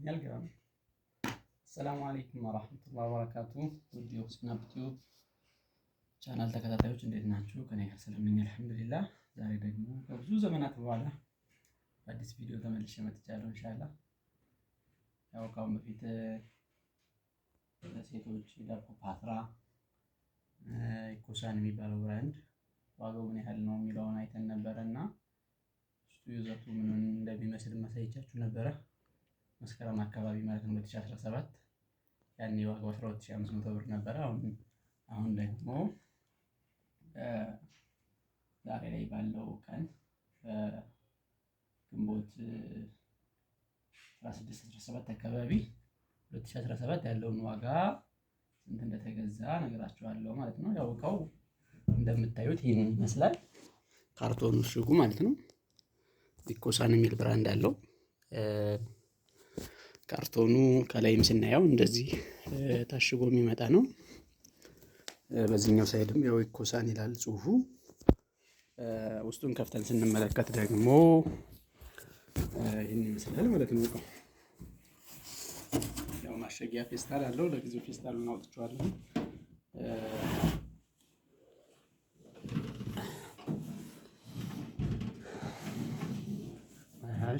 ይመስለኛል። ግራም ሰላም አለይኩም ወራህመቱላሂ ወበረካቱ። ውድ የሆስፒናፕ ቻናል ተከታታዮች እንዴት ናችሁ? ከኔ ጋር ሰላም ነኝ አልሐምዱሊላህ። ዛሬ ደግሞ ከብዙ ዘመናት በኋላ በአዲስ ቪዲዮ ተመልሼ መጥቻለሁ። ኢንሻአላህ ያው ካሁን በፊት ለሴቶች ፓትራ ኢኮሳን የሚባለው ብራንድ ዋጋው ምን ያህል ነው የሚለውን አይተን ነበረ እና ይዘቱ ምን እንደሚመስል ማሳየቻችሁ ነበረ። መስከረም አካባቢ ማለት ነው 2017 ያኔ ዋጋው 12500 ብር ነበረ። አሁን አሁን ደግሞ ዛሬ ላይ ባለው ቀን ግንቦት 16 17 አካባቢ 2017 ያለውን ዋጋ ስንት እንደተገዛ አለው ማለት ነው። ያው እቃው እንደምታዩት ይህን ይመስላል። ካርቶኑ ሽጉ ማለት ነው። ቢኮሳን የሚል ብራንድ አለው። ካርቶኑ ከላይም ስናየው እንደዚህ ታሽጎ የሚመጣ ነው። በዚህኛው ሳይድም ያው ኢኮሳን ይላል ጽሁፉ። ውስጡን ከፍተን ስንመለከት ደግሞ ይህን ይመስላል ማለት ነው። ያው ማሸጊያ ፌስታል አለው። ለጊዜው ፌስታሉን አውጥቼዋለሁ።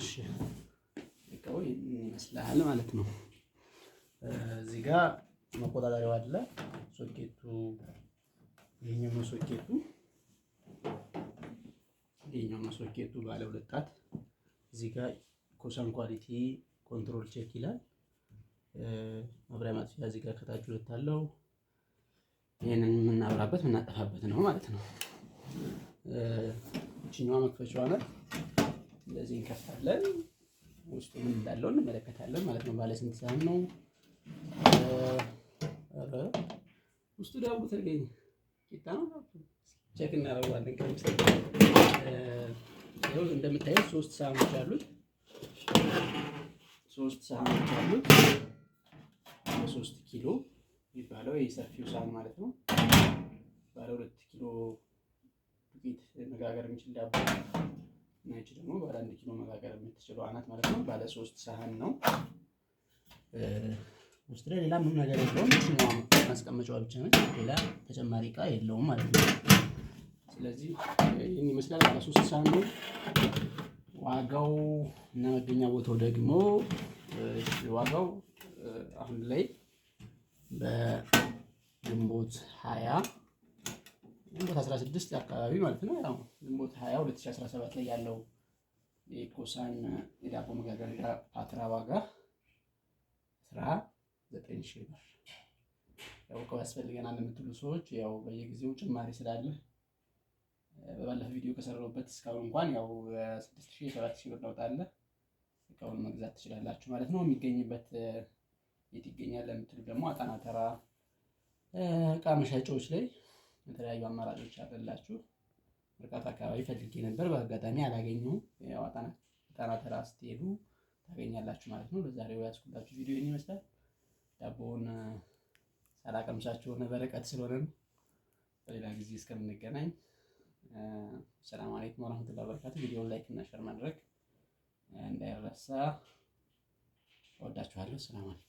እሺ ይመስላል ማለት ነው። እዚህ ጋር መቆጣጠሪያው አለ። ሶኬቱ ይሄኛው ነው። ሶኬቱ ይሄኛው ነው። ሶኬቱ ባለ ሁለት ጣት እዚህ ጋር ኮሳን ኳሊቲ ኮንትሮል ቼክ ይላል። ማብሪያ ማጥፊያ እዚህ ጋር ከታች ሁለት አለው። ይህንን የምናብራበት የምናጠፋበት ነው ማለት ነው። እችኛዋ መክፈቻዋ ናት። እንደዚህ እንከፍታለን። ውስጡ ምን እንዳለው እንመለከታለን ማለት ነው። ባለ ስንት ሳህን ነው? ውስጡ ዳቦ ተገኘ። ቂጣ ነው። ቼክ እናደርገዋለን። ቀምስ እንደምታየው ሶስት ሳህኖች አሉት። ሶስት ሳህኖች አሉት። ሶስት ኪሎ የሚባለው የሰፊው ሳህን ማለት ነው። ባለ ሁለት ኪሎ ዱቄት መጋገር የሚችል ዳቦ ነጭ ደግሞ ባለ አንድ ኪሎ መጋገር የምትችለው አናት ማለት ነው። ባለ ሶስት ሳህን ነው። ውስጥ ላይ ሌላ ምንም ነገር የለውም። ችኛዋ ማስቀመጫዋ ብቻ ነች። ሌላ ተጨማሪ እቃ የለውም ማለት ነው። ስለዚህ ይህን ይመስላል። ባለ ሶስት ሳህን ነው ዋጋው እና መገኛ ቦታው ደግሞ ዋጋው አሁን ላይ በግንቦት ሀያ ግንቦት 16 አካባቢ ማለት ነው። ያው ግንቦት 20 2017 ላይ ያለው የኮሳን የዳቦ መጋገሪያ ፓትራ ዋጋ 19 ሺህ ብር። ያው ያስፈልገናል የምትሉ ሰዎች ያው በየጊዜው ጭማሪ ስላለ በባለፈው ቪዲዮ ከሰራሁበት እስካሁን እንኳን ያው 6000 7000 ብር ለውጥ አለ። እቃውን መግዛት ትችላላችሁ ማለት ነው። የሚገኝበት የት ይገኛል ለምትሉ ደግሞ አጣና ተራ እቃ መሸጫዎች ላይ የተለያዩ አማራጮች አለላችሁ። መርካቶ አካባቢ ፈልጌ ነበር፣ በአጋጣሚ አላገኘሁም። ያው ጣና ተራ ስትሄዱ ታገኛላችሁ ማለት ነው። ለዛሬው ያስኩላችሁ ቪዲዮ ይህን ይመስላል። ዳቦውን ሳላቀምሳችሁ ሆነ በርቀት ስለሆነም በሌላ ጊዜ እስከምንገናኝ ሰላም አለይኩም ወራህመቱላሂ ወበረካቱ። ቪዲዮውን ላይክ እና ሸር ማድረግ እንዳይረሳ። ወዳችኋለሁ። ሰላም አለይኩም።